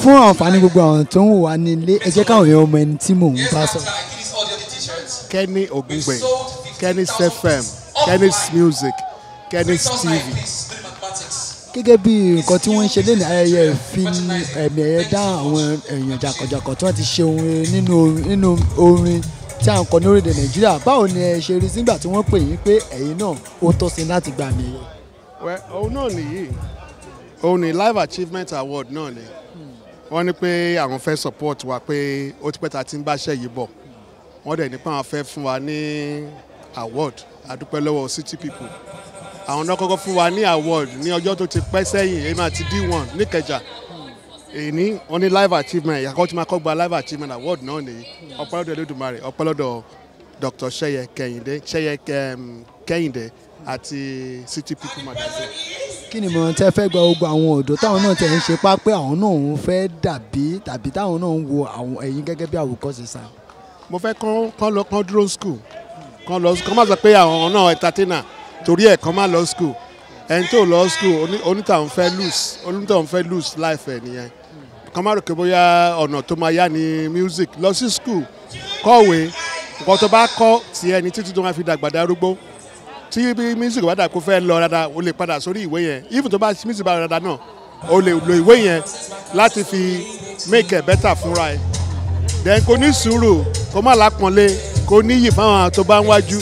fún àǹfààní gbogbo àwọn tó ń wà nílé ẹ jẹ́ káwọn èèyàn ọmọ ẹni tí mò ń bá sọ. Kenny Ogungbe Kenny FM Kenny Music Kenny TV. gẹ́gẹ́ bí nǹkan tí wọ́n ń ṣe lẹ́nu ayẹyẹ ìfin ẹ̀mí ẹ̀yẹ dá àwọn èèyàn jàkọ̀jàkọ̀ tí wọ́n ti ṣe orin nínú orin tí à ń kọ ní orílẹ̀ Nàìjíríà báwo ni ẹ ṣe rí sígbà tí wọ́n pè yín pé ẹ̀yin náà ó tọ́ láti gbà mí. òun náà nìyí òun ni live achievement award náà ni wọ́n ní pé àwọn fẹ́ support wa pé ó ti pẹ́ ta ti ń báṣẹ́ yìí bọ̀ wọ́n dẹ̀ nípa àwọn fẹ́ fún wa ní award adúpẹ́ lọ́wọ́ city people àwọn náà kọ́kọ́ fún wa ní award ní ọjọ́ tó ti pẹ́ sẹ́yìn èmi àti d1 níkẹjà èní wọ́n ní live achievement ìyàkọ́ tí máa kọ́ gba live achievement award náà nìyí ọ̀pọ̀lọdọ̀ Elédùmarè ọ̀pọ̀lọdọ̀ Dr. Seye Kẹ́hìndé Seye ehm, Kẹ́hìndé àti city people magazine kí ni mo tẹ fẹ́ gba gbogbo àwọn ọ̀dọ́ táwọn náà tẹ ń ṣe pápẹ́ àwọn náà ń fẹ́ dàbí tàbí táwọn náà ń wo àwọn ẹ̀yin gẹ́gẹ́ bí àwòkọ́ṣe sá. mo fẹ́ kọ́ lọ kọ́ dúró school kọ́ lọ kọ́ má sọ pé àwọn náà entertainer torí ẹ̀ kọ́ má lọ school ẹni tó lọ school onítàwọn fẹ́ lose onítàwọn fẹ́ lose life ẹ̀ nìyẹn kọ́ má rò pé bóyá ọ̀nà tó máa yá ni music lọ sí school kọ́wé nǹkan tó bá kọ́ tiẹ̀ ní títí tó máa fi dàgbà darúgbó tí mísìkì bá dà kó fẹ́ lọ dáadáa o lè padà sórí ìwé yẹn even tó bá mísìkì bá lọ dáadáa náà o lè lo ìwé yẹn láti fi make it better fúnra ẹ then kò ní sùúrù kò má lápọ̀nlé kò ní yìí fáwọn tó bá ń wájú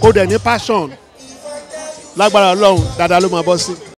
kò dẹ̀ ní passion lágbára ọlọ́run dáadáa ló máa bọ́ sí.